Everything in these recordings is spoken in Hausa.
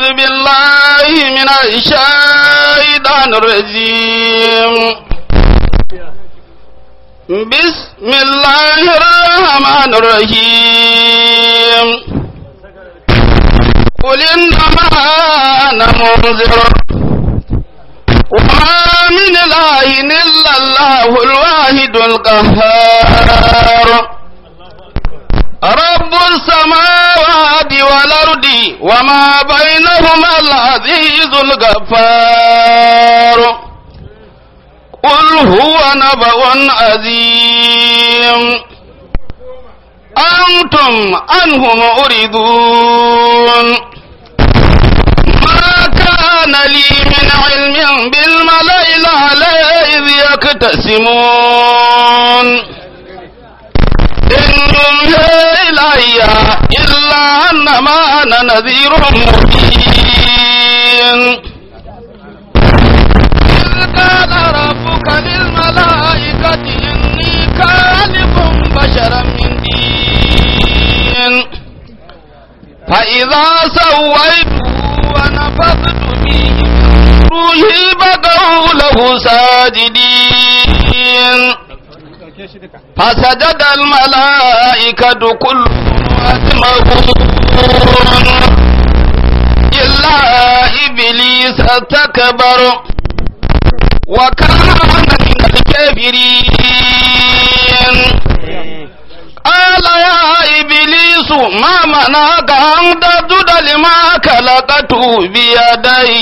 أعوذ بالله من الشيطان الرجيم بسم الله الرحمن الرحيم قل إنما أنا منذر وما من إله إلا الله الواحد القهار رب السماوات والأرض وما بينهما العزيز الغفار قل هو نبأ عظيم أنتم عنه مؤردون ما كان لي من علم بالملائكة إذ يقتسمون يوحي إلا أنما أنا نذير مبين إذ قال ربك للملائكة إني خالق بشرا من دين فإذا سويته ونفخت فيه من روحي فقعوا له ساجدين فسجد الملائكة كلهم أجمعون إلا إبليس تكبر وكان من الكافرين قال يا إبليس ما منعك أن تسجد لما خلقت بيدي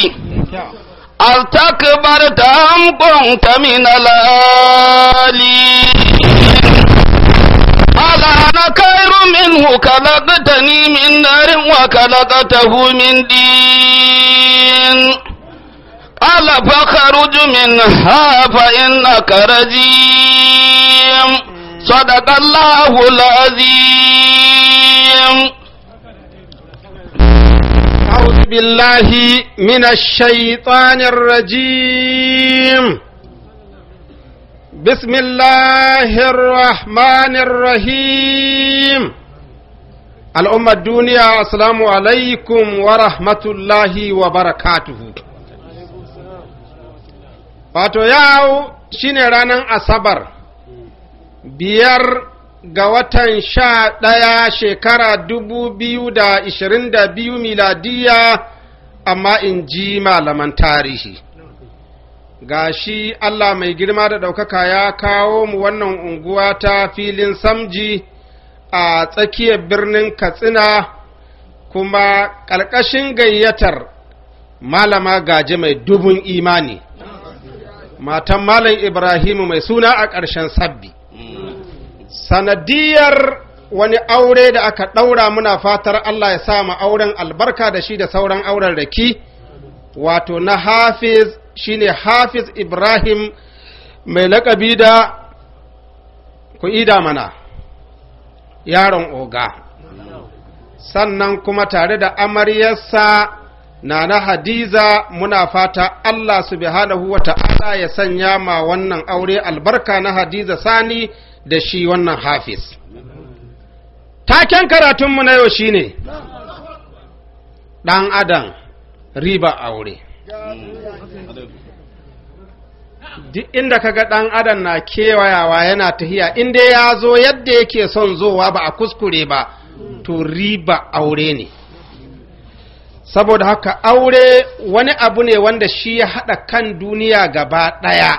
أستكبرت أم كنت من العالين قال أنا خير منه خلقتني من نار وخلقته من دين قال فخرج منها فإنك رجيم صدق الله العظيم أعوذ بالله من الشيطان الرجيم بسم الله الرحمن الرحيم الأمة الدنيا السلام عليكم ورحمة الله وبركاته wato yau shine ranar asabar biyar ga watan sha ɗaya shekara dubu biyu da ishirin da biyu miladiya amma in ji malaman tarihi Ga shi Allah mai girma da ɗaukaka ya kawo mu wannan unguwa ta filin samji a tsakiyar birnin Katsina kuma ƙarƙashin gayyatar malama gaje mai dubun imani matan malam Ibrahimu mai suna a ƙarshen sabbi sanadiyar wani aure da aka ɗaura muna fatar Allah ya sa mu auren albarka da shi da sauran auren raki wato na Hafiz shine hafiz ibrahim mai lakabi da ku'ida mana yaron oga sannan kuma tare da amaryarsa na na hadiza muna fata allah su subhanahu wa ta'ala ya sanya ma wannan aure albarka na hadiza sani da shi wannan hafiz taken karatunmu na yau shine ɗan adam riba aure duk inda ka ga ɗan adam na kewayawa yana tahiya in dai ya zo yadda yake son zowa ba a kuskure ba to riba aure ne saboda haka aure wani abu ne wanda shi ya haɗa kan duniya gaba ɗaya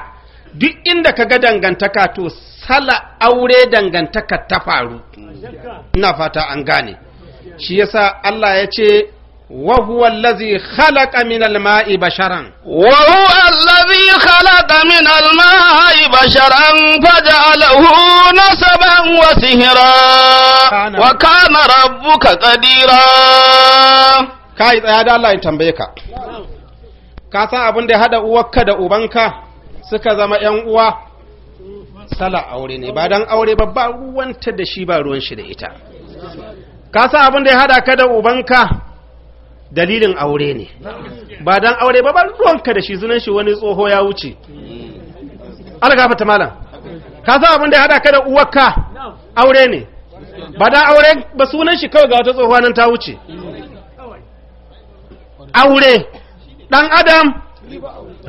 duk inda ka ga dangantaka to sala aure dangantaka ta faru ina fata an gane shi yasa Allah ya ce وهو الذي خلق من الماء بشرا وهو الذي خلق من الماء بشرا فجعله نسبا وسهرا وكان ربك قديرا kai tsaya da الله in tambaye ka san abin da ya hada uwarka da ubanka suka zama yan uwa sala aure ne ba dan aure ba ba da shi ba ruwan shi da ita ka san abin da ya hada ka da ubanka dalilin aure ne ba dan aure ba ba ruwanka da shi zunan shi wani tsoho ya wuce an ta malam ka san abin da ya hada ka da uwarka aure ne ba dan aure ba sunan shi kawai ga wata tsoho nan ta wuce aure dan adam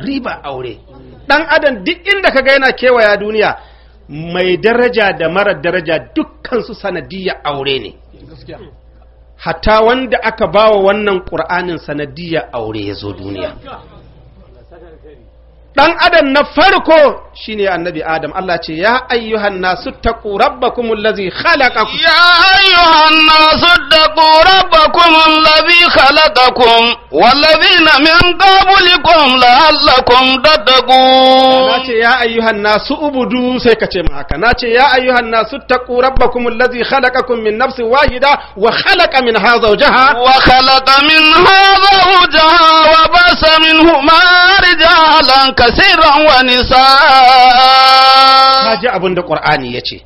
riba aure dan adam duk inda ka ga yana kewaya duniya mai daraja da mara daraja dukkan su sanadiyar aure ne hatta wanda aka bawa wannan ƙur'anin sanadiyya aure ya zo duniya ɗan adam na farko shine annabi adam Allah ce ya ayyuhan nasu kuma rabbakumul halaƙa ku. ya ayyuhan nasu صدقكم والذين من قبلكم لعلكم تتقون ناتي يا أيها الناس أبدوا سيكتي معك ناتي يا أيها الناس اتقوا ربكم الذي خلقكم من نفس واحدة وخلق منها زوجها وخلق منها زوجها وبس منهما رجالا كثيرا ونساء kaji abin da ƙwar'ani ya ce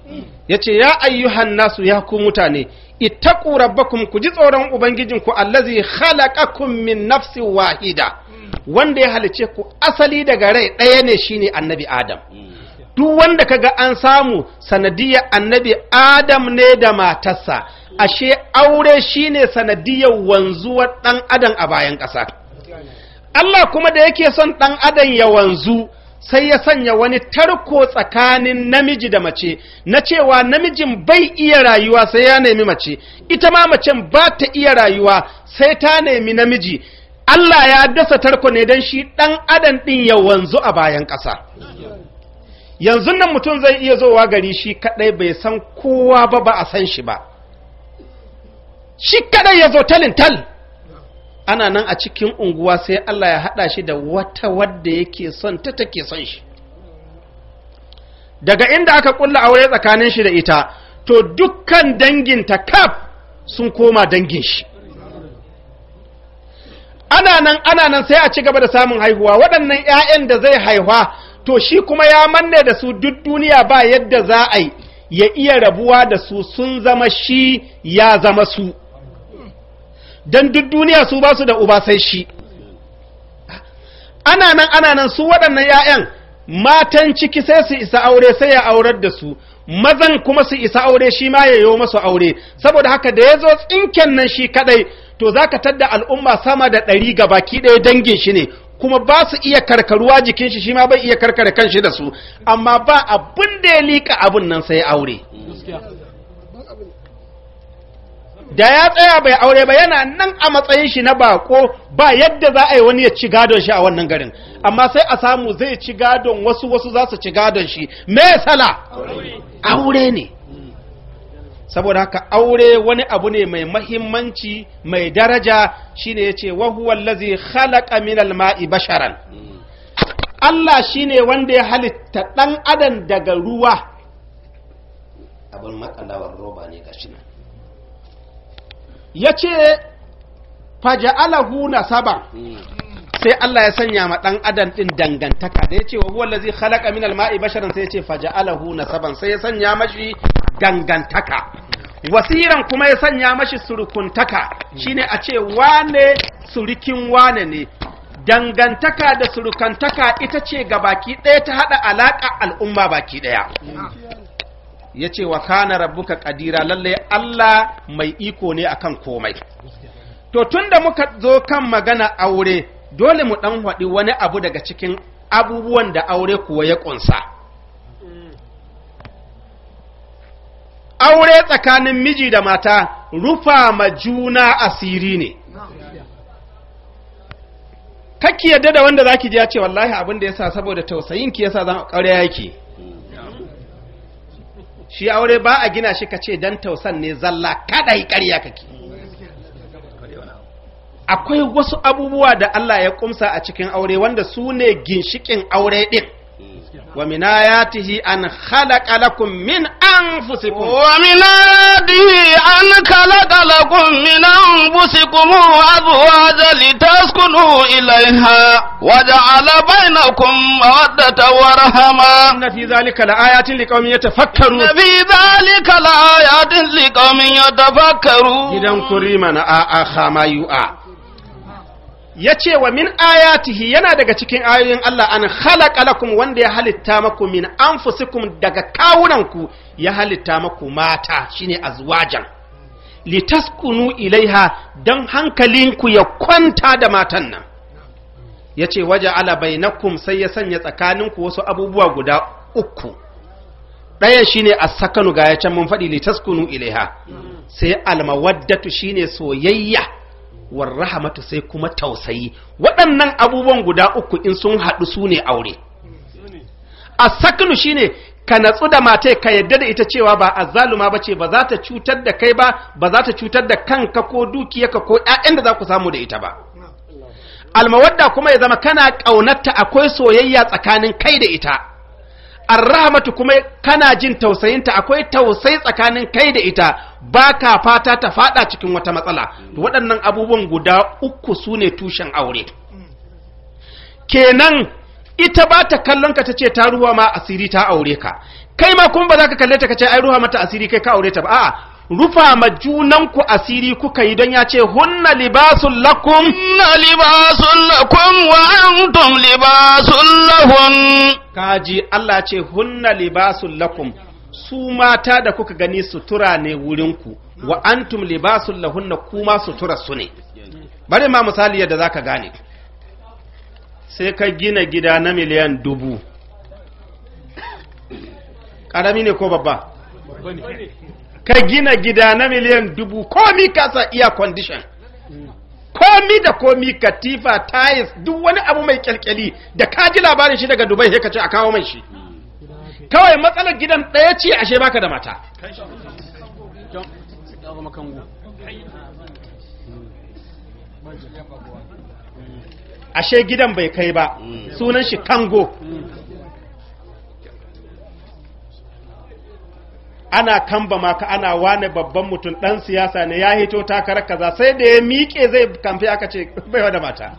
ya ce ya ayyuhan nasu ya ku mutane ittaqu rabbakum ku ji tsoron ubangijin ubangijinku allazi khalaqakum min nafsin wahida wanda ya halice ku asali daga rai ɗaya ne shine annabi adam duk wanda kaga an samu sanadiyar annabi adam ne da matarsa ashe aure shine sanadiyar wanzuwar ɗan adam a bayan ƙasa Allah kuma da yake son ɗan adam ya wanzu sai ya sanya wani tarko tsakanin namiji da mace na cewa namijin bai iya rayuwa sai ya nemi mace ita ma macen ba ta iya rayuwa sai ta nemi namiji Allah ya dasa tarko ne don shi ɗan adan ɗin ya wanzu a bayan ƙasa yanzu nan mutum zai iya zowa gari shi kaɗai bai san kowa ba ba a san shi ba shi kaɗai ya zo talin tal. ana nan a cikin unguwa sai Allah ya haɗa shi da wata wadda yake son ta take son shi daga inda aka ƙulla aure tsakanin shi da ita to dukkan danginta kaf sun koma dangin shi ana nan ana nan sai a ci gaba da samun haihuwa waɗannan 'ya'yan da zai haihuwa to shi kuma ya manne da su duk duniya ba yadda za a yi ya iya rabuwa da su sun zama shi ya zama su don duk duniya su ba su da uba sai shi ana nan ana nan su waɗannan 'ya'yan matan ciki sai su isa aure sai ya aurar da su mazan kuma su isa aure shi ma ya yi masu aure saboda haka da ya zo tsinken nan shi kadai to za ka tadda al'umma sama da ɗari ga baki ɗaya dangin shi ne kuma ba su iya karkaruwa jikin shi shi ma bai iya karkare kanshi da su amma ba abin da ya liƙa abin nan sai aure da ya tsaya bai aure ba yana nan a matsayin shi na bako ba yadda za a yi wani ya ci gadon shi a wannan garin amma sai a samu zai ci gadon wasu wasu za su ci gadon shi me sala aure ne saboda haka aure wani abu ne mai mahimmanci mai daraja shine ce, wa huwa allazi khalaqa minal ma'i basharan Allah shine wanda ya halitta dan adam daga ruwa abin makalawar roba ne gashi nan ya ce faja'alahu nasaba sai Allah ya sanya ma ɗan adam ɗin dangantaka da ya ce wa huwa lazi khalaqa min alma'i mai basharan sai ya ce faja'alahu saban sai ya sanya mashi dangantaka wasiran kuma ya sanya mashi surukuntaka shine a ce wane surikin wane ne dangantaka da surukantaka ita ce ga baki ɗaya ta haɗa alaƙa al'umma baki ɗaya ya ce wa kana rabbuka kadira lalle Allah mai iko ne akan komai to tun da muka zo kan magana aure dole mu ɗan haɗi wani abu daga cikin abubuwan da aure kuwa ya ƙunsa aure tsakanin miji da mata rufa ma juna asiri ne Kakki yadda da wanda zaki ji ya ce wallahi abin da ya sa saboda tausayin ki ya sa zan aure yake shi aure ba a gina shi ka ce dan tausan ne zalla yi ƙarya kake akwai wasu abubuwa da Allah ya kumsa a cikin aure wanda su ne ginshikin aure ɗin. wa min ayatihi an khalaqa lakum min anfusikum wa min ayatihi an khalaqa lakum min anfusikum azwajan litaskunu ilayha wa ja'ala bainakum mawaddatan wa rahma inna fi dhalika laayatin liqaumin yatafakkarun fi dhalika laayatin liqaumin yatafakkarun gidan kurima na a a khamayu a ya ce wa min ayatihi yana daga cikin ayoyin Allah an halaka lakum wanda ya halitta maku min anfusikum daga kawunanku ya halitta maku mata shine azwajan litaskunu ilaiha don hankalinku ya kwanta da matan nan ya ce waje ala bainakum sai ya sanya tsakaninku wasu abubuwa guda uku ɗaya shine a sakanu ga ya can mun faɗi litaskunu ilaiha sai almawaddatu shine soyayya war sai kuma tausayi waɗannan abubuwan guda uku in sun haɗu su ne aure a sakinu shine ka natsu da mata ka yadda da ita cewa ba azzaluma bace ba za ta cutar da kai ba ba za ta cutar da kanka ko dukiyarka ko ƴaƴan da za ku samu da ita ba almawadda kuma ya zama kana ƙaunarta akwai soyayya tsakanin kai da ita arrahmatu kuma kana jin tausayinta akwai tausayi tsakanin kai da ita baka fata ta fada cikin wata matsala waɗannan abubuwan guda uku su ne tushen aure kenan ita ba ta kallon ka ta ce ta ruwa ma asiri ta aure ka kai ma kuma ba za ka kalle ta ka ce ai ruwa mata asiri kai ka aure ta ba a'a rufa ma junanku asiri kuka yi don ya ce hunna libasun lakum hunna libasun lakum wa antum libasun lahum kaji Allah ce hunna libasun lakum su mata da kuka gani sutura ne wurinku wa antum libasun lahunna kuma sutura su ne bari ma misali yadda ka gane sai ka gina gida na miliyan dubu Karami ne ko babba ka gina gida na miliyan dubu komi kasa iya condition komi da komi katifa tiles duk wani abu mai kyalkyali da ka ji labarin shi daga dubai ka ce a kawo mai shi kawai matsalar gidan ɗaya ce ashe baka da mata ashe gidan bai kai ba sunan shi kango ana kamba maka ana wane babban mutum dan siyasa ne ya hito takarar kaza sai da ya miƙe zai kamfe aka ce bai da mata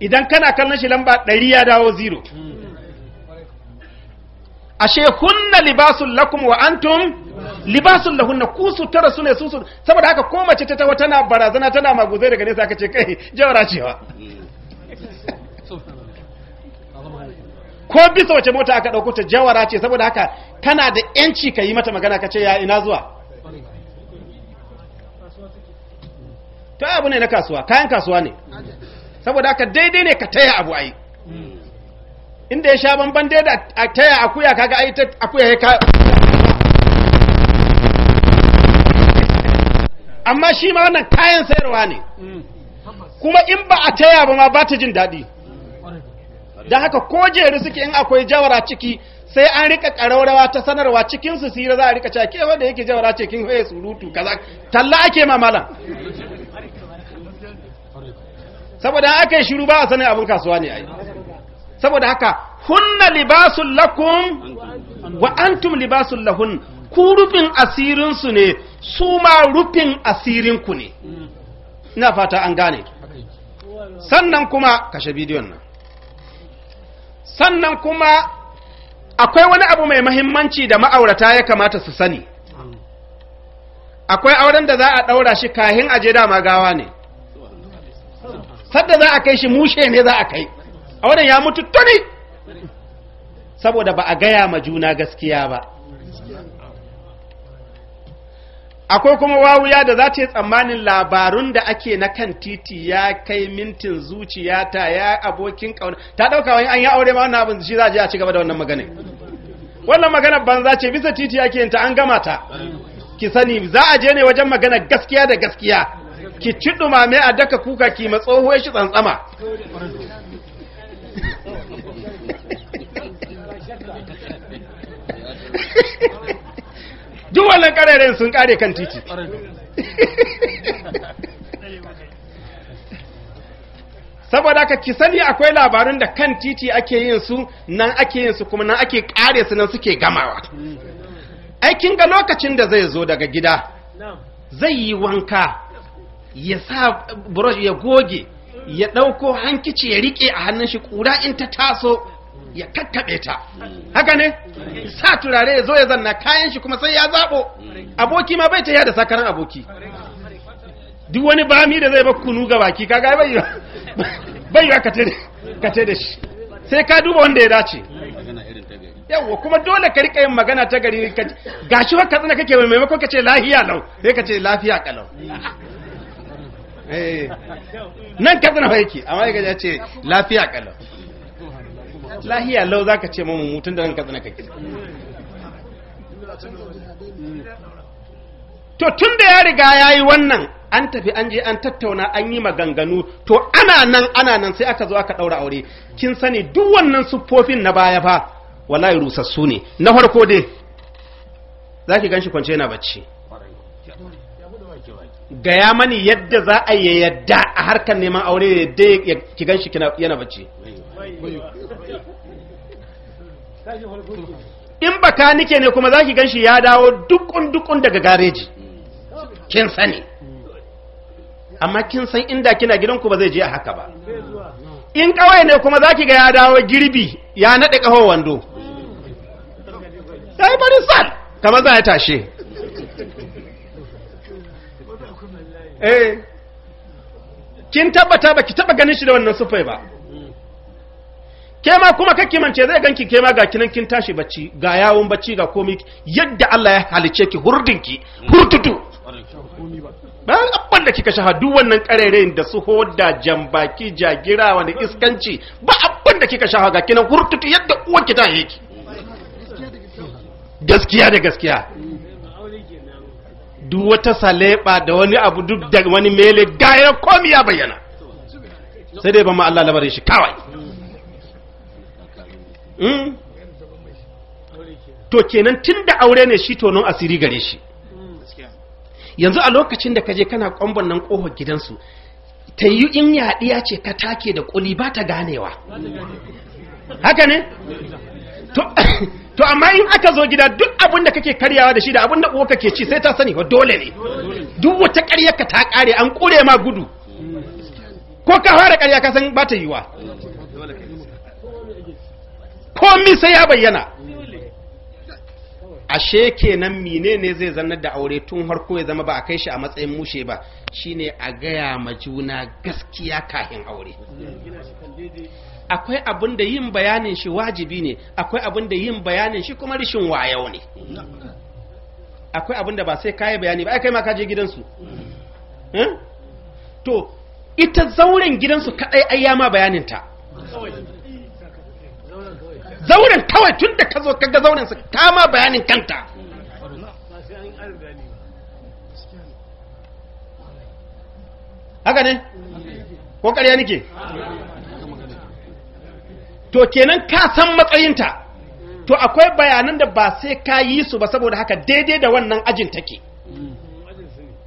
idan kana kallon shi lamba ɗari ya dawo zero ashe hunna libasun lakum wa antum libasun lahunna ku tara su ne su saboda haka ko mace ta tawa tana barazana tana maguzai daga nesa aka ce kai jawara cewa ko bisa wace mota aka ɗauko ta jawara ce saboda haka kana da yanci ka yi mata magana ka ce ya ina zuwa ta abu ne na kasuwa kayan kasuwa ne saboda haka daidai ne ka taya abu ayi inda ya sha banban daida a taya akuya kaga ayi ta akuya ya ka amma shi ma wannan kayan sayarwa ne kuma in ba a taya ba ma ba ta jin daɗi da haka ko jeri suke in akwai jawara ciki sai an rika karaurawa ta sanarwa cikin su sira za a rika cewa wanda yake jawara ce kin hoye surutu kaza talla ake mamala saboda aka yi shiru ba a sanin abin kasuwa ne ai saboda haka hunna libasul lakum wa antum libasul lahun ku rufin asirin su ne su ma rufin asirin ku ne ina fata an gane sannan kuma kashe bidiyon nan sannan kuma akwai wani abu mai mahimmanci da ma'aurata ya kamata su sani akwai auren da za a ɗaura shi kahin aje dama gawa ne sadda za a kai shi mushe ne za a kai auren ya mutu tuni saboda ba a gaya ma juna gaskiya ba akwai kuma wawuya da za ta yi tsammanin labarun da ake na kan titi ya kai mintin zuciya ta ya abokin kauna ta dauka wani an ya aure ma wannan abin shi za a je a ci gaba da wannan magana wannan magana banza ce bisa titi ake yinta ta an gama ta ki sani za a je ne wajen magana gaskiya da gaskiya ki ci dumame a daka kuka ki matsohuwar shi tsantsama duk wannan ƙararren sun ƙare kan titi saboda ka ki sani akwai labarin da kan titi ake yin su nan ake yin su kuma nan ake ƙare su nan suke gamawa aikin ga lokacin da zai zo daga gida zai yi wanka ya sa brush ya goge ya ɗauko hankici ya rike a hannun shi ƙura in ta taso ya kakkaɓe ta haka ne sa turare ya zo ya zanna kayan shi kuma sai ya zaɓo aboki ma bai ta yada sakaran aboki duk wani bami da zai ba kunu ga baki kaga bai bai yiwa kace da shi sai ka duba wanda ya dace yawwa kuma dole ka rika yin magana ta gari shi wa katsina kake mai maimakon ka ce lafiya lau sai ka ce lafiya kalau eh. nan katsina yake amma ya ce lafiya kalau lahiya lau za ka ce mamu mutum da nan katsina kake to tun da ya riga ya yi wannan an tafi an je an tattauna an yi maganganu to ana nan ana nan sai aka zo aka ɗaura aure kin sani duk wannan siffofin na baya fa wallahi rusassu ne na farko dai za ki ganshi kwance yana bacci gaya mani yadda za a yi yadda a harkar neman aure yadda ki ganshi yana bacci in baka nike ne kuma zaki ganshi ya dawo dukkan dukkan daga gareji kin sani amma kin san inda kina gidanku ba zai je a haka ba in kawai ne kuma zaki ga ya dawo girbi ya nade kaho wando sai bari sal kamar za ya tashe eh kin tabbata baki taba ganin shi da wannan sufai ba ke ma kuma kake mance zai ganki ke ma ga kinan kin tashi bacci ga yawon bacci ga komai yadda Allah ya halice ki hurdinki hurtutu bayan abban da kika shaha duk wannan karerein da su hoda jambaki jagira wani iskanci ba abban da kika shaha ga kinan hurtutu yadda uwar ki ta yake gaskiya da gaskiya duk wata saleba da wani abu duk da wani mele gaya komai ya bayyana sai dai ba ma Allah labarin shi kawai Hmm? to kenan tun da aure ne shi tonon asiri gare shi yanzu a lokacin da kaje kana kwambon nan ƙofar gidansu ta yi in yaɗiya ce ka take da ƙuli ba ta ganewa haka ne to amma in aka zo gida duk abin da kake karyawa da shi da abin da uwa kake ci sai ta sani wa dole ne duk wata karyarka ta kare an kure ma gudu ko ka fara karya ka san ba ta yiwa komi sai ya bayyana ashe kenan menene zai zannar da aure tun harko ya zama ba a kai shi a matsayin mushe ba shine a gaya ma juna gaskiya kahin aure akwai abin da yin bayanin shi wajibi ne akwai abin da yin bayanin shi kuma rishin wayau ne akwai abin da ba sai kayi bayani ba ai kai ma ka je gidansu hmm? to ita zauren gidansu kadai ai ya ma bayanin ta zauren kawai tun da ka zo ga zauren su kama bayanin kanta haka ne ko ƙarya nike to kenan ka san matsayinta to akwai bayanan da ba sai ka yi su ba saboda haka daidai da wannan ajin take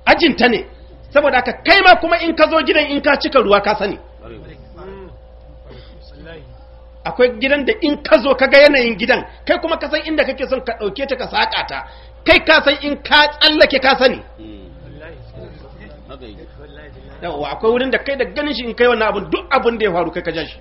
ajinta ne saboda haka kai ma kuma in ka zo gidan in ka cika ruwa ka sani akwai gidan da in ka zo ka ga yanayin gidan kai kuma ka san inda kake son ka ɗauke ta ka saƙa ta kai ka san in ka tsallake ka sani yawa akwai wurin da kai da ganin shi in kai wannan abin duk abin da ya faru kai ka ja shi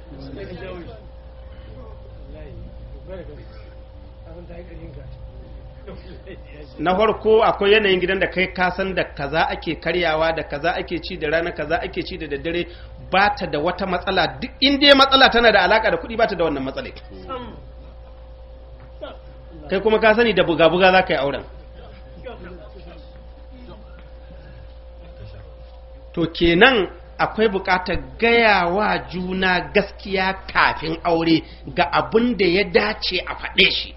na farko akwai yanayin gidan da kai kasan da kaza ake karyawa da kaza ake ci da rana kaza ake ci da daddare ba ta da wata matsala duk inda matsala tana da alaka da kuɗi ba ta da wannan matsala kai kuma ka sani da buga-buga za ka yi auren to kenan akwai bukatar gayawa juna gaskiya kafin aure ga abin da ya dace a faɗe shi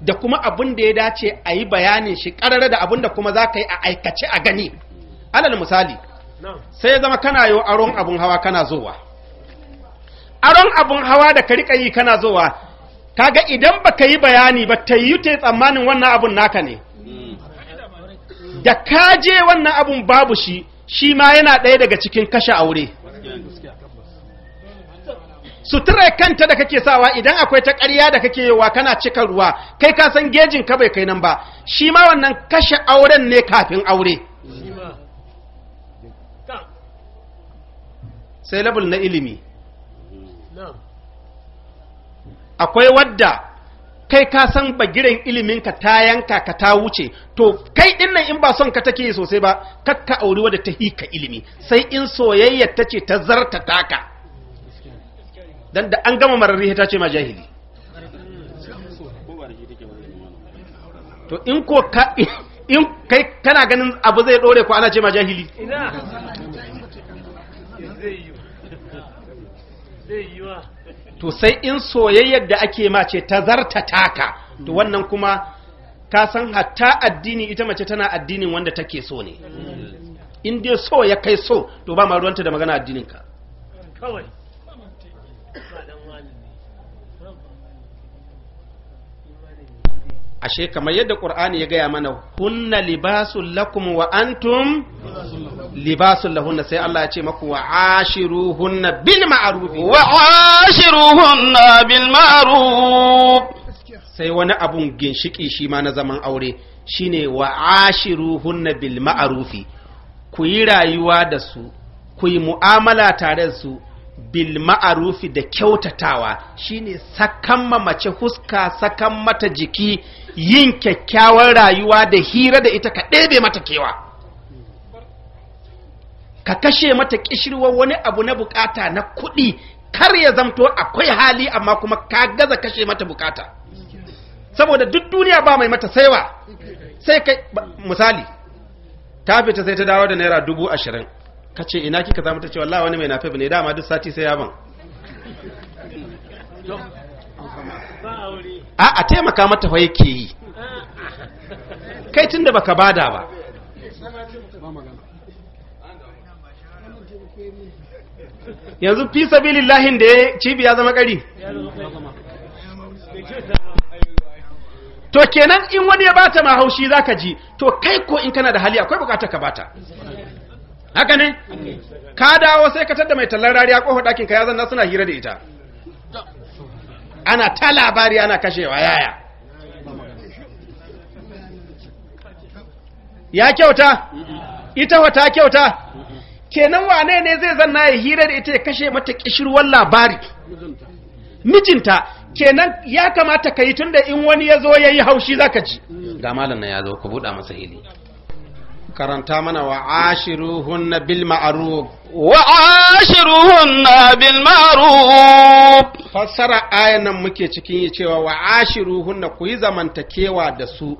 da kuma abin da ya dace a yi bayanin shi ƙarare da abin da kuma za ka yi a aikace a gani alal misali sai zama kana yi aron abun hawa kana zowa aron abun hawa da ka rika yi kana zowa kaga idan baka yi bayani ba ta yi ta tsammanin wannan abun naka ne da kaje je wannan abun babu shi shi ma yana ɗaya daga cikin kashe aure sutura kanta da kake sawa idan akwai ta ƙarya da kake yiwa kana cika ruwa kai ka san gejin ka bai kai nan ba shi ma wannan kashe auren ne kafin aure sai level na ilimi akwai wadda kai ka san bagiren iliminka ta yanka ka ta wuce to kai dinnan in ba son ka take sosai ba kakka auri wadda ta hika ilimi sai in soyayya ta ce ta zarta taka dan da an gama mararri ta ce ma jahili to in ko ka in kai kana ganin abu zai dore ko ana ce ma jahili to sai in soyayyar da ake ma ce ta zarta taka to wannan kuma ka san hatta addini ita mace tana addinin wanda take so ne in dai so ya kai so to ba maruwanta ruwanta da magana addininka kawai ashe kamar yadda ƙur'ani ya gaya mana hunna libasul lakum wa antum libasun lahunna sai Allah ya ce maku wa ashiruhunna bil ma'ruf wa ashiruhunna bil ma'ruf sai wani abun ginshiki shi ma na zaman aure shine wa ashiruhunna bil ma'ruf ku yi rayuwa da su ku yi mu'amala tare da su bil ma'ruf da kyautatawa shine sakan mace huska sakan mata jiki yin kyakkyawan rayuwa da hira da ita ka ɗebe mata kewa ka kashe mata kishirwa wani abu na bukata na kuɗi kar ya zamto akwai hali amma kuma ka gaza kashe mata bukata saboda duk duniya ba mai mata saiwa sai kai misali ta fita sai ta dawo da naira dubu ashirin ka ce ina kika za mata ce wallah wani mai nafe ne dama duk sati sai yaban a a taimaka mata fa yake yi kai tun da baka bada ba yanzu fi bilillahin da ya cibi ya zama kari to kenan in wani ya bata ma haushi zaka ji to kai ko in kana da hali akwai bukatar ka bata haka ne ka dawo sai ka tada mai tallar rariya kofar dakin ka ya zanna suna hira da ita ana ta labari ana kashewa yaya ya kyauta ita wata kyauta kenan wane ne zai zanna ya hira da ita ya kashe mata kishirwar labari mijinta kenan ya kamata ka yi tun da in wani ya zo ya yi haushi za ka ci? ga malam na ya zo ka buɗa masa hili karanta mana wa ashiruhunna bil ma'ruf wa ashiruhunna bil ma'ruf fassara ayan nan muke cikin yi cewa wa ashiruhunna ku yi zamantakewa da su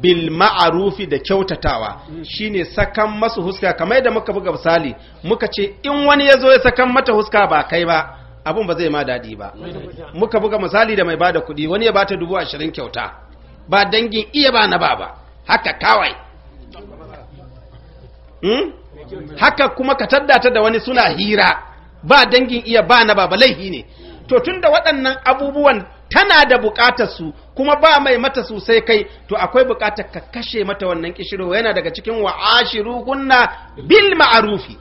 bil ma'rufi da kyautatawa shine sakan masu huska kamar da muka buga misali muka ce in wani yazo ya sakan mata huska ba kai ba abun ba zai ma dadi ba muka buga misali da mai bada kuɗi wani ya bata dubu ashirin kyauta ba dangin iya ba na ba ba haka kawai Hmm? haka kuma ka taddata da wani suna hira ba dangin iya ba na baba laihi ne to tunda waɗannan abubuwan tana da buƙatar su kuma ba mai mata sosai kai to akwai buƙatar ka kashe mata wannan kishiro yana daga cikin wa'ashiru kunna bil ma'arufi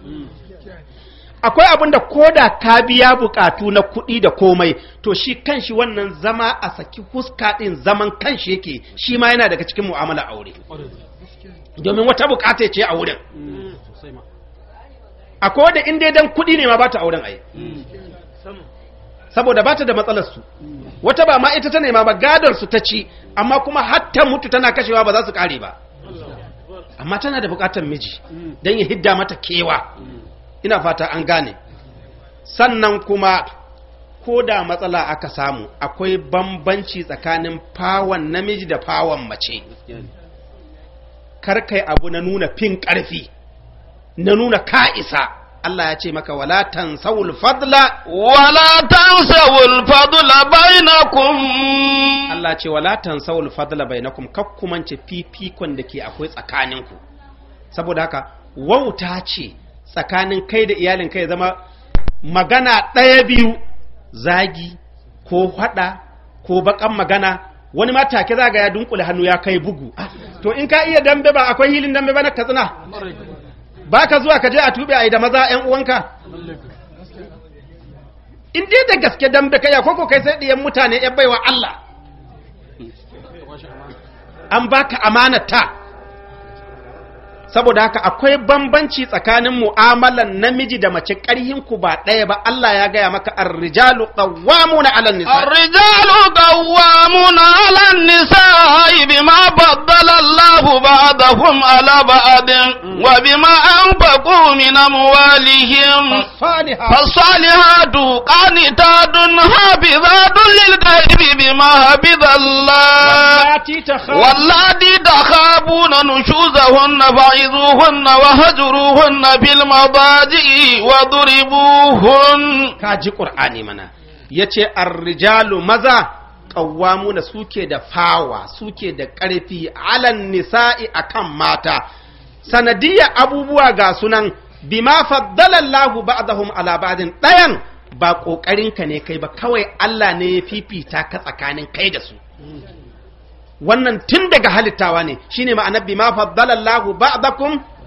akwai abin da ko da ka biya bukatu na kuɗi da komai to shi kanshi wannan zama a saki fuska ɗin zaman kanshi yake shi ma yana daga cikin mu'amala aure domin wata bukata ce a wurin akwai wadda inda dan kuɗi ne ma ba ta auren ai saboda ba ta da matsalarsu. wata ba ma ita ta nema ba gadar su ta ci amma kuma hatta mutu tana kashewa ba za su kare ba amma tana da bukatar miji don ya hidda mata kewa ina fata an gane sannan kuma ko da matsala aka samu akwai bambanci tsakanin fawon namiji da fawon mace karkai abu na nuna fin ƙarfi na nuna ka'isa Allah ya ce maka wala tansawul fadla wala tansawul fadla bainakum Allah ce wala tansawul fadla bainakum kakkumance fifikon da ke akwai tsakaninku saboda haka wauta ce tsakanin kai da iyalin kai zama magana ɗaya biyu zagi ko haɗa ko baƙan magana wani ma take zaga ya dunkule hannu ya kai bugu ah, to in ka iya dambe ba akwai hilin dambe ba na katsina ba ka zuwa ka je a tube a yi da maza 'yan uwanka in dai da gaske dambe kai ko kai sai ɗiyan mutane ya baiwa Allah an baka amanata saboda haka akwai bambanci tsakanin mu'amalan namiji da mace ƙarhin ku ba ɗaya ba Allah ya gaya maka ar-rijalu qawwamuna 'ala an-nisa ar-rijalu qawwamuna 'ala an-nisa bima faddala Allahu ba'dahum 'ala ba'din wa bima anfaqu min amwalihim fasalihatu qanitadun hafizatun lil ghaibi bima hafiza Allah wallati takhafuna nushuzahunna fa'i فإذوهن وهجروهن بالمضاجع mana. كاجي قرآني منا يتي الرجال ماذا قوامون سوكي دا فاوا سوكي دا قرفي على النساء أكم ماتا sanadiyya abubuwa ga sunan bima faddalallahu ba'dahum ala ba'din dayan ba kokarin ka ne kai ba kawai Allah ne ya fifita ka tsakanin kai da su wannan tun daga halittawa ne shine ma'anar bima faddala Allahu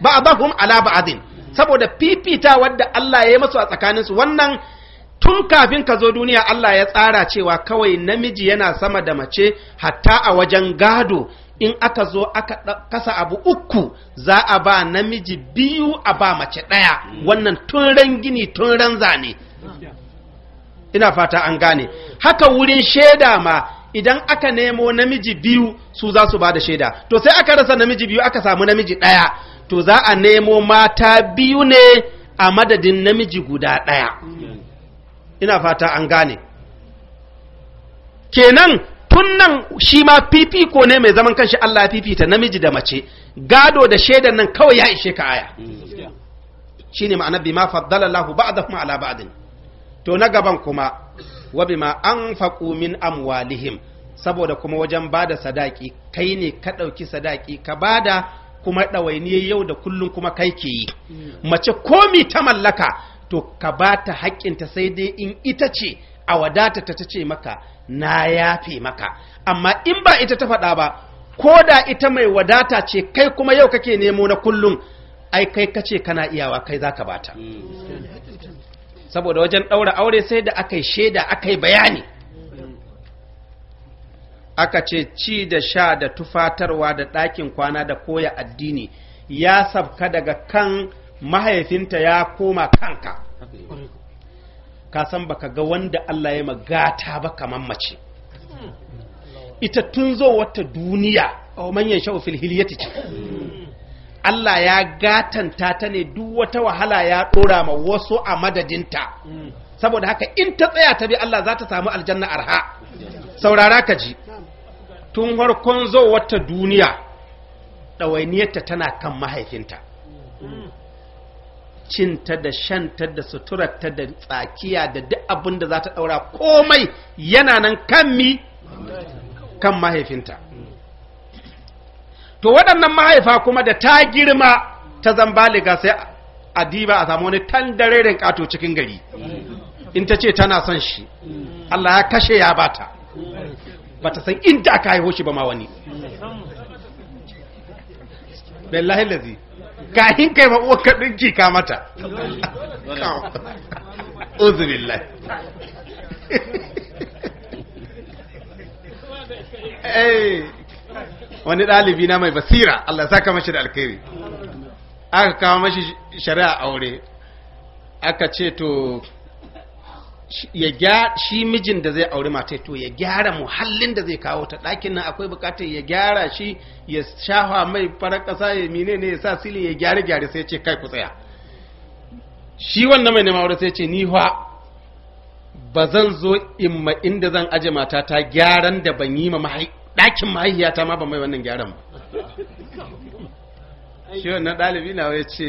ba'dakum ala ba'adin saboda fifita wadda Allah ya yi masu a tsakaninsu wannan tun kafin ka zo duniya Allah ya tsara cewa kawai namiji yana sama da mace hatta a wajen gado in aka zo aka kasa abu uku za a ba namiji biyu a ba mace ɗaya wannan tun ran gini tun ran zane ina fata an gane haka wurin shaida ma idan aka nemo namiji biyu su za su ba da shaida to sai aka rasa namiji biyu aka samu namiji ɗaya to za a nemo mata biyu ne a madadin namiji guda ɗaya ina fata an gane kenan tun nan shi ma fifiko ne mai zaman kanshi Allah ya fifita namiji da mace gado da shaidan nan kawai ya ishe ka aya shine ma'anar bima faddala Allahu ba'dahum ala ba'din to na gaban kuma wa an faƙo min amwalihim saboda kuma wajen ba da sadaki kai ne ka ɗauki sadaki ka ba da kuma ɗawainiyar yau da kullum kuma kai ke yi hmm. mace komi ta mallaka to ka ba ta haƙƙinta sai dai in ita ce a wadata ta ce maka na yafe maka amma in ba ita ta faɗa ba ko da ita mai wadata ce kai kuma yau kake nemo na kullum ai kai kace kana iyawa kai zaka bata hmm. saboda wajen ɗaura aure sai da aka yi shaida aka yi bayani aka ce ci da sha da tufatarwa da ɗakin kwana da koya addini ya sabka daga kan mahaifinta ya koma kanka ka san baka ga wanda Allah ya magata ba kamar mace ita tun zo wata duniya a manyan sha'ufil hiliyati ce Allah ya gatanta ta ne duk wata wahala ya ɗora ma wasu a madadinta mm. saboda haka in ta tsaya ta bi Allah za ta samu aljanna arha saurara ka ji tun farkon zo wata duniya ɗawainiyarta tana kan mahaifinta mm. cinta da shanta da suturarta da tsakiya da duk abin da za ta ɗaura komai yana nan kan mi kan mahaifinta mm. to waɗannan mahaifa kuma da ta girma ta zambaliga sai a diba a samu wani da ƙato cikin gari in ta ce tana son shi Allah ya kashe ya bata ta san inda aka haihu shi ba ma wani billahi lazi kahin kai ma uwar kaɗin jika mata wani ɗalibi na mai basira Allah saka mashi da alkhairi aka kawo mashi shari'a aure aka ce to shi mijin da zai aure mata to ya gyara muhallin da zai kawo ta ɗakin nan akwai bukatar ya gyara shi ya shafa mai farar ƙasa ya mine ne ya sa silin ya gyara gyara sai ce kai ku tsaya shi wannan mai neman aure sai ce ni fa ba zan zo in ma inda zan aje mata ta gyaran da ban yi ma ɗakin mahaihiyata ma ba mai wannan gyaran ba shi wannan ɗalibi na ya ce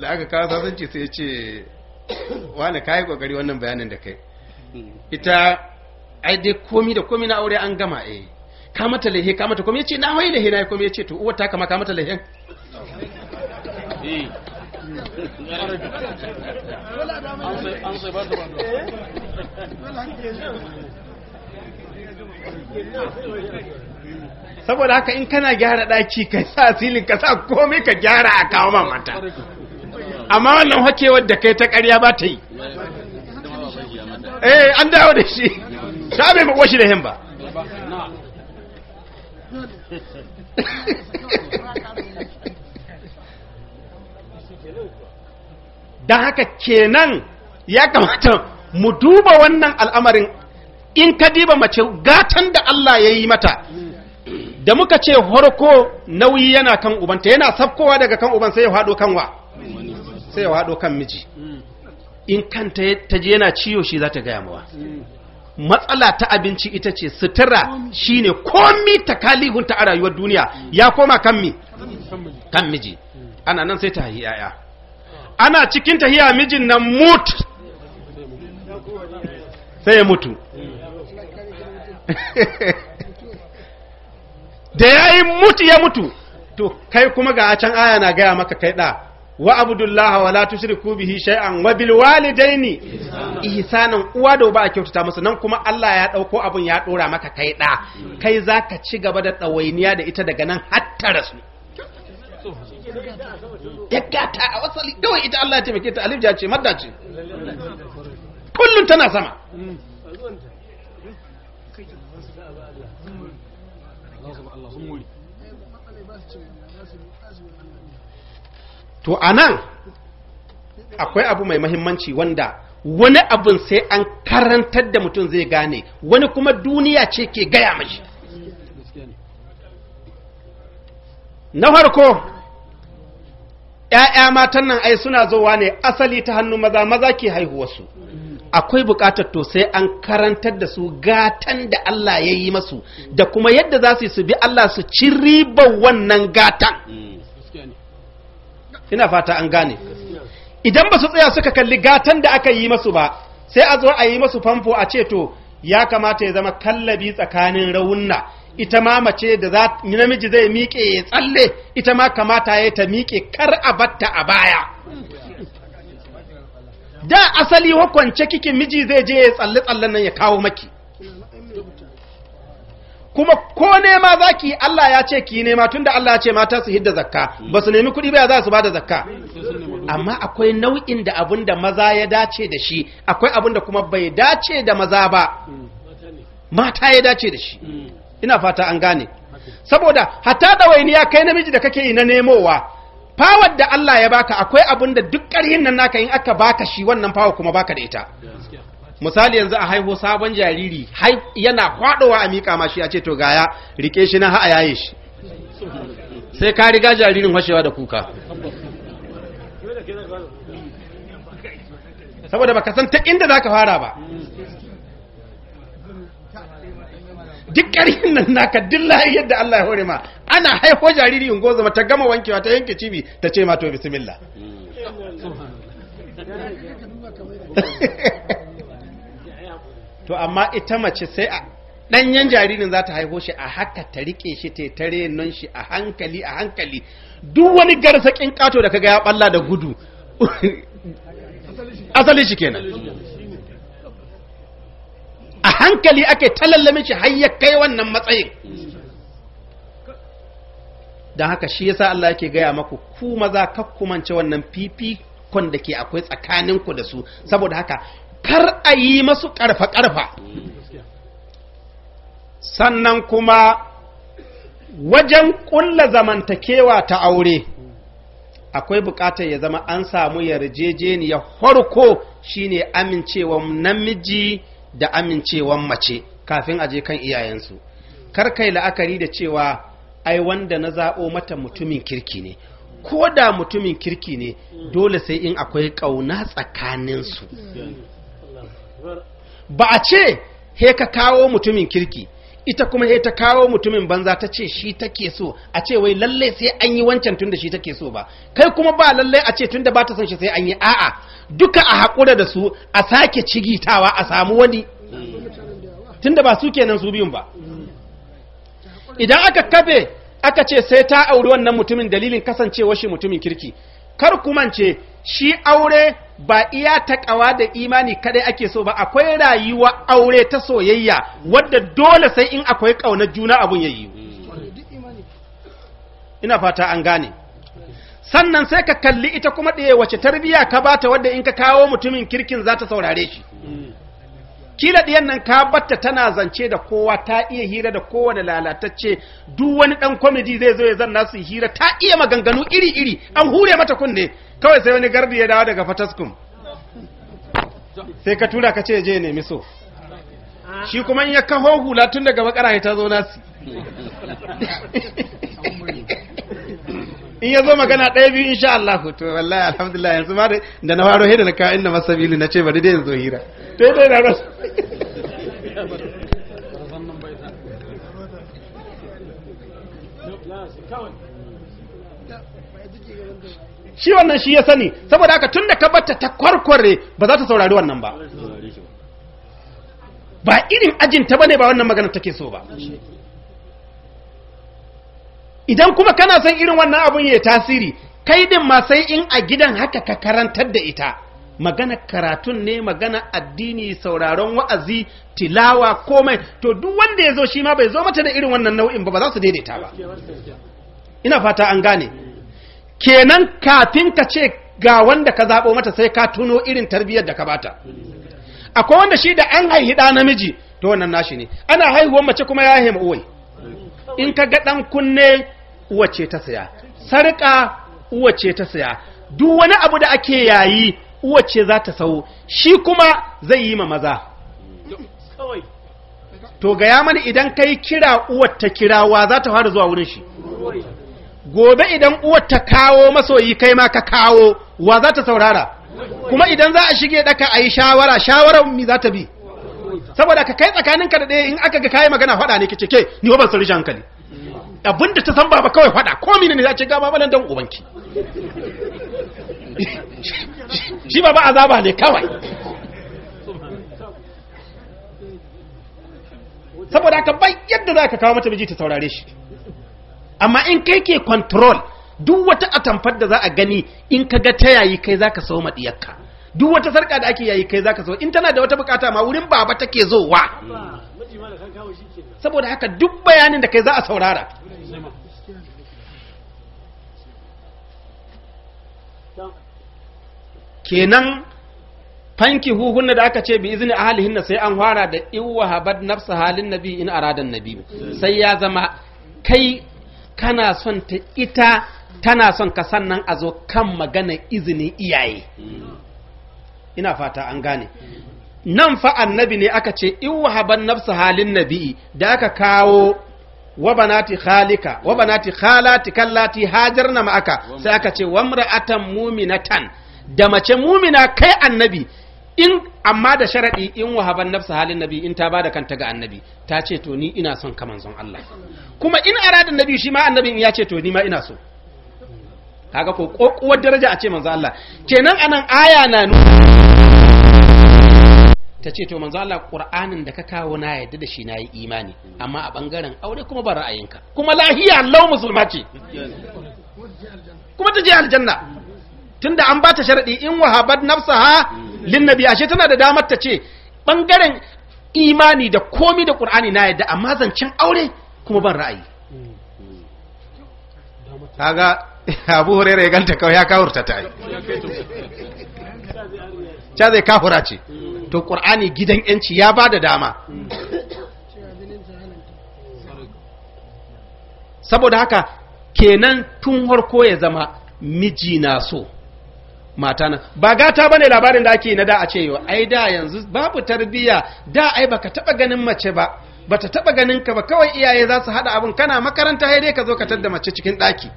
da aka kawo sasanci sai ya ce wani kayi ƙoƙari wannan bayanin da kai ita ai dai komi da komi na aure an gama eh ka mata lehe ka mata komi ya ce na hoyi lehe na yi komi ya ce to uwa ta kama ka mata lehen an sai ba saboda haka in kana gyara daki ka sa silin ka sa komai ka gyara a kawo mata amma wannan hakewar da kai ta ƙarya ba ta yi eh an dawo da shi ta bai da hin ba haka kenan ya kamata mu duba wannan al'amarin in ka diba mace gatan da Allah ya yi mata da muka ce horko nauyi yana kan ubanta yana sabkowa daga kan uban sai ya haɗo kan wa sai ya haɗo kan miji in kanta ta je yana ciyo shi za ta gaya mawa matsala ta abinci ita ce sutura shine komi takalihunta a rayuwar duniya ya koma kan mi kan miji ana nan sai ta haihi ana cikin ta tahiya mijin nan mut sai ya mutu da ya yi mutu ya mutu to kai kuma ga can aya na gaya maka kai da wa abdullahi wa la tushriku bihi shay'an wa bil walidaini ihsanan uwa da uba a kyautata musu nan kuma Allah ya dauko abun ya dora maka kai da kai zaka ci gaba da tsawainiya da ita daga nan har ta rasu ya a wasali ita Allah ya taimake ta alif ce madda ce tana sama Allah sun to anan akwai abu mai mahimmanci wanda wani abu sai an karantar da mutum zai gane wani kuma duniya ce ke gaya mashi na farko ‘ya'ya matan nan ai suna zowa ne asali ta hannu maza maza ke haihuwarsu akwai bukatar to sai an karantar da su gatan da Allah ya yi masu da kuma yadda za su yi su bi Allah su ci ribar wannan gatan ina fata an gane idan ba su tsaya suka kalli gatan da aka yi masu ba sai a zo a yi masu famfo a ce to ya kamata ya zama kallabi tsakanin raunna ita ma mace da za namiji zai miƙe ya tsalle ita ma kamata ya ta miƙe kar a batta a baya da asali hukunce kike miji zai je ya tsalle tsallen nan ya kawo maki kuma ko nema za ki Allah ya ce ki nema tunda Allah ya ce mata su hidda zakka basu nemi kuɗi ba za su ba da zakka amma akwai nau'in da abinda maza ya dace da shi akwai abinda kuma bai dace da maza ba mata ya dace da shi ina fata an gane saboda hatta ya kai namiji da kake yi na nemowa fawar da Allah ya baka akwai abin da duk ƙaryin nan naka in aka baka shi wannan fawar kuma baka da ita misali yanzu a haihu sabon jariri yana kwadowa a miƙa ma shi a ce to gaya rike shi na ha'a yaye shi sai ka riga jaririn washewa da kuka saboda baka san ta inda za ka fara ba duk ƙarfin nan naka dilla yadda Allah ya hore ma ana haifo jariri in gozo ta gama wankewa ta yanke cibi ta ce ma to bismillah to amma ita mace sai a ɗanyen jaririn za ta haifo shi a haka ta rike shi ta tare nan shi a hankali a hankali duk wani garsakin kato da kaga ya balla da gudu asali shi kenan a hankali ake talallamin shi har ya kai wannan matsayin don haka shi yasa Allah yake gaya maku ku maza kakkumance wannan fifikon da ke akwai tsakanin ku da su saboda haka kar a yi masu karfa karfa. sannan kuma wajen ƙulla zamantakewa ta aure akwai buƙatar ya zama an samu yarjejeniya farko shine amincewa namiji da amincewan mace kafin aje kan iyayensu kar kai la'akari da cewa ai wanda na zaɓo mata mutumin kirki ne ko da mutumin kirki ne dole sai in akwai ƙauna tsakaninsu ba a ce he ka kawo mutumin kirki ita kuma sai ta kawo mutumin banza ta ce shi take so a ce wai lalle sai an yi wancan tunda shi take so ba kai kuma ba lalle a ce tunda ba ta son shi sai an yi a'a duka a haƙura da su a sake cigitawa a samu wani tunda ba su kenan su biyun ba idan aka kafe aka ce sai ta auri wannan mutumin dalilin kasancewa shi mutumin kirki kar ce shi aure ba iya takawa da imani kadai ake so ba akwai rayuwa aure ta soyayya wadda dole sai in akwai kauna juna abun yayi ina fata an gane sannan sai ka kalli ita kuma ɗaya wace tarbiya ka bata wadda in ka kawo mutumin kirkin za ta saurare shi kila ɗiyan nan ka batta tana zance da kowa ta iya hira da kowane lalatacce duk wani ɗan komedi zai zo ya zanna su hira ta iya maganganu iri-iri an hure mata kunne kawai sai wani gardi ya dawo daga fataskum sai ka tura ka ce je nemi so shi kuma in ya kaho hula tun daga bakara ya ta zo nasu in ya zo magana ɗaya biyu insha Allah to wallahi alhamdulillah yanzu ma da na faro da na kawo inda masabili na ce bari dai yanzu hira to dai na rasu shi wannan shi ya sani saboda haka tun da ka bata ta kwarkware ba za ta saurari wannan ba ba irin ajin ta bane ba wannan magana take so ba idan kuma kana son irin wannan abun ya tasiri kai din ma sai in a gidan haka ka karantar da ita magana karatun ne magana addini sauraron wa'azi tilawa komai to duk wanda ya zo shi ma bai zo mata da irin wannan nau'in ba ba za su daidaita ba ina fata an gane kenan kafin ka ce ga wanda ka zaɓo mata sai ka tuno irin tarbiyyar da ka bata akwai wanda shi da an haihi ɗa namiji to wannan nashi ne ana haihuwar mace kuma ya haihu uwai in ka ga ɗan kunne uwace ta saya sarƙa uwace ta saya duk wani abu da ake yayi uwace za ta sau shi kuma zai yi ma maza to ga ya mana idan kai kira uwar ta kirawa za ta fara zuwa wurin shi gobe idan uwar ta kawo masoyi kai ma ka kawo wa za ta saurara kuma idan za a shige daka a yi shawara shawarar mi za ta bi saboda ka kai tsakaninka da ɗaya in aka ga kayi magana faɗa ne ki cike ni ban shi hankali abinda ta san baba kawai fada komai ne za ce gaba nan dan ubanki shi baba azaba ne kawai saboda haka bai yadda za ka kawo mata miji ta saurare shi amma in kai ke control duk wata atamfar da za a gani in ka ga ta yayi kai za ka sau maɗiyarka duk wata sarka da ake yayi kai zaka zo, in tana da wata bukata ma wurin baba take zowa saboda haka duk bayanin da kai za a saurara kenan fanki huhunna da aka ce bi izini hinna sai an fara da iwa habad nafsa halin nabi in aradan nabi sai ya zama kai kana son ta ita tana son ka sannan a zo kan magana izinin iyaye ina fata an gane nan fa annabi ne aka ce in wahaban nafsu halin nabi da aka kawo wa banati khalika wa banati khalati kallati hajarna ma'aka sai aka ce wa mra'atan mu'minatan da mace mu'mina kai annabi in amma da sharadi in wahaban nafsu halin nabi in ta bada kanta ga annabi ta ce to ni ina son ka manzon Allah kuma in arada nabi shi ma annabin ya ce to ni ma ina so kaga ko kokuwar daraja a ce manzo Allah kenan anan aya na nuna ta ce to manzo Allah Qur'anin da ka kawo na yadda da shi nayi imani amma a bangaren aure kuma ba ra'ayinka kuma lahiya Allah musulma ce kuma ta je aljanna tunda an bata sharadi in wahabat nafsaha lin nabi ashe tana da damar ta ce bangaren imani da komai da Qur'ani na yadda amma zancen aure kuma ban ra'ayi kaga abu hurera ya ganta kawai ya kawurta ta yi ta zai kafura ce to ƙur'ani gidan yanci ya ba da dama saboda haka kenan tun harko ya zama miji na so mata na ba gata ne labarin da ake na da a ce yau ai da yanzu babu tarbiyya da ai baka taba ganin mace ba bata taba ganin ka ba kawai iyaye za su hada abin kana makaranta sai dai ka zo ka tadda mace cikin daki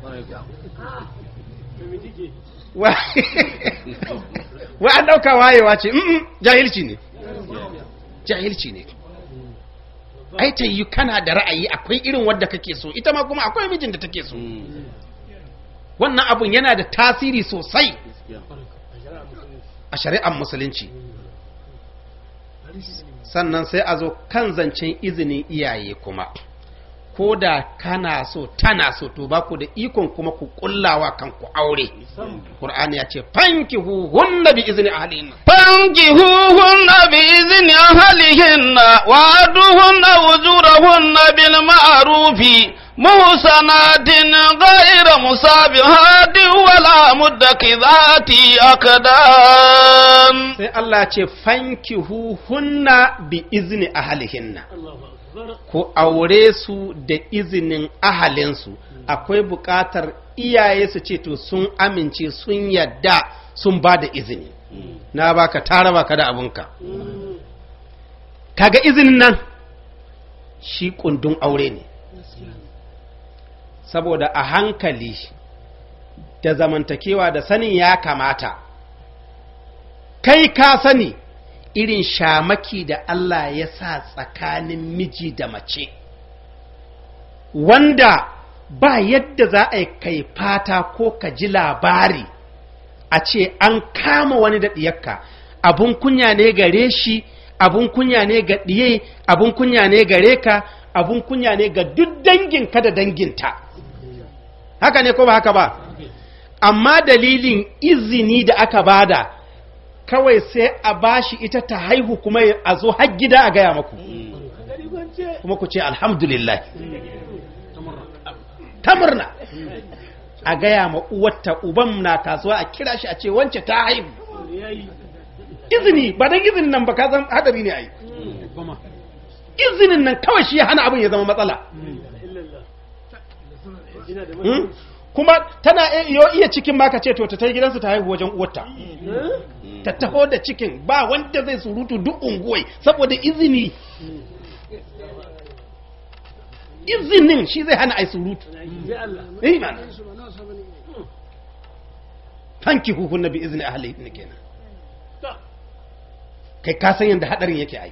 wa an ɗauka wayewa ce jahilci ne jahilci ne ai ta yi kana da ra'ayi akwai irin wadda kake so ita ma kuma akwai mijin da take so wannan abun yana da tasiri sosai a shari'ar musulunci sannan sai a zo kan zancen izinin iyaye kuma ko da kana so tana so to ba ku da ikon kuma ku kullawa kan ku aure Qur'ani ya ce fanki hunna bi izni ahlihin fanki hunna bi izni ahlihin wa aduhunna wujurahunna bil ma'rufi muhsanatin ghayra musabihati wala mudakizati akdan sai Allah ce fanki hunna bi izni ahlihin ku aure su da izinin ahalinsu akwai buƙatar iyaye su ce to sun amince sun yadda sun ba da izini na baka tara baka da abinka kaga izinin nan shi kundin aure ne saboda a hankali da zamantakewa da sanin ya kamata kai ka sani irin shamaki da Allah ya sa tsakanin miji da mace wanda ba yadda za a kai fata ko ka ji labari a ce an kama wani da ɗiyarka abun kunya ne gare shi abun kunya ne ga ɗiye abun kunya ne gare ka abun kunya ne ga duk dangin ka da danginta haka ne ko ba haka ba amma dalilin izini da aka bada kawai sai a bashi ita ta haihu kuma a zo har gida a gaya maku kuma ku ce alhamdulillah ta murna a gaya ma uwarta uban na tasowa a kira shi a ce wance ta haihu izini ba dan izinin nan ba ka zan hadari ne ai izinin nan kawai shi ya hana abin ya zama matsala hmm? kuma tana iya cikin maka ce to ta tai gidansu ta haihu wajen uwarta ta taho da cikin ba wanda zai surutu duk unguwai saboda izini izinin shi zai hana ai surutu iman eh, hanki hukun na bi izini ahli ibn kenan kai ka san yadda hadarin yake ai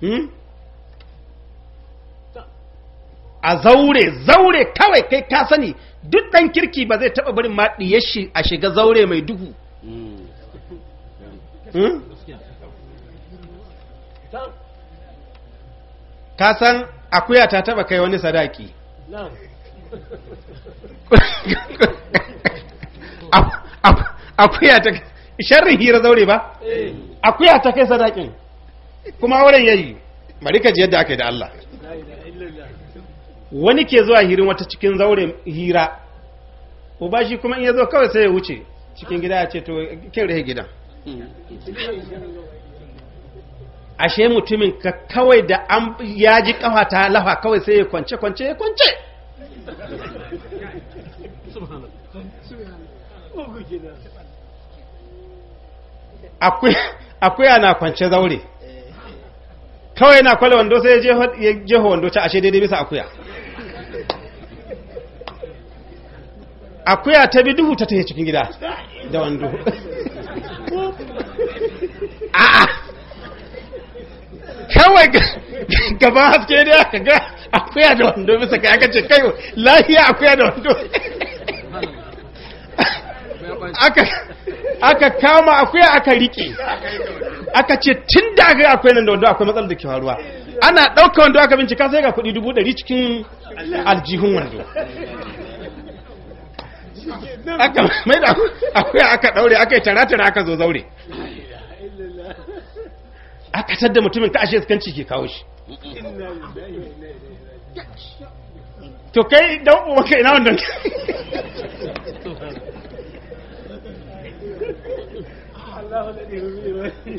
hmm? a zaure zaure kawai kai ka sani duk dan kirki ba zai taba barin ma shi a shiga zaure mai duhu Hmm? ka san akuya ta taba kai wani sadaki akuya ta kai sharrin hira zaure ba eh. akuya ta kai sadakin kuma auren yayi bari ka ji yadda aka yi da Allah wani ke zuwa hirin wata cikin zaure hira uba shi kuma in ya zo kawai sai ya wuce cikin gida ya ce to kin rahe gidan ashe mutumin ka kawai da an ya ji kafa ta lafa kawai sai ya kwance kwance ya kwance akwai ana kwance zaure kawai na kwale wando sai ya jeho wando ta ashe daidai bisa akuya akuya ta bi duhu ta tafi cikin gida da wando kawai gaba haske da aka ga akuya da wando bisa kai aka ce kai lahiya akuya da wando aka kama akuya aka rike aka ce tun da aka akwai nan da wando akwai matsalar da ke faruwa ana ɗauka wando aka bincika sai ga kuɗi dubu ɗari cikin aljihun wando aka mai da akwai aka ɗaure aka yi tara-tara aka zo zaure aka da mutumin ka ashe iskanci ke kawo shi to kai dan uwanka ina wannan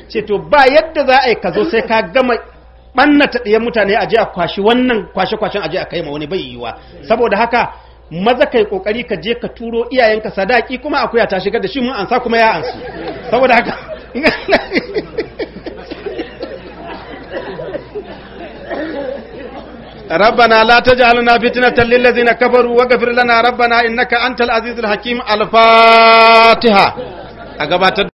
ce to ba yadda za a yi ka zo sai ka gama ɓannata ɗiyan mutane a je a kwashi wannan kwashe-kwashen a je a kai ma wani bai yiwa saboda haka maza kai kokari ka je ka turo iyayenka sadaki kuma akuya ta shigar da shi mun ansa kuma ya ansu saboda haka ربنا لا تجعلنا فتنة للذين كفروا واغفر لنا ربنا إنك أنت العزيز الحكيم الفاتحة أقبات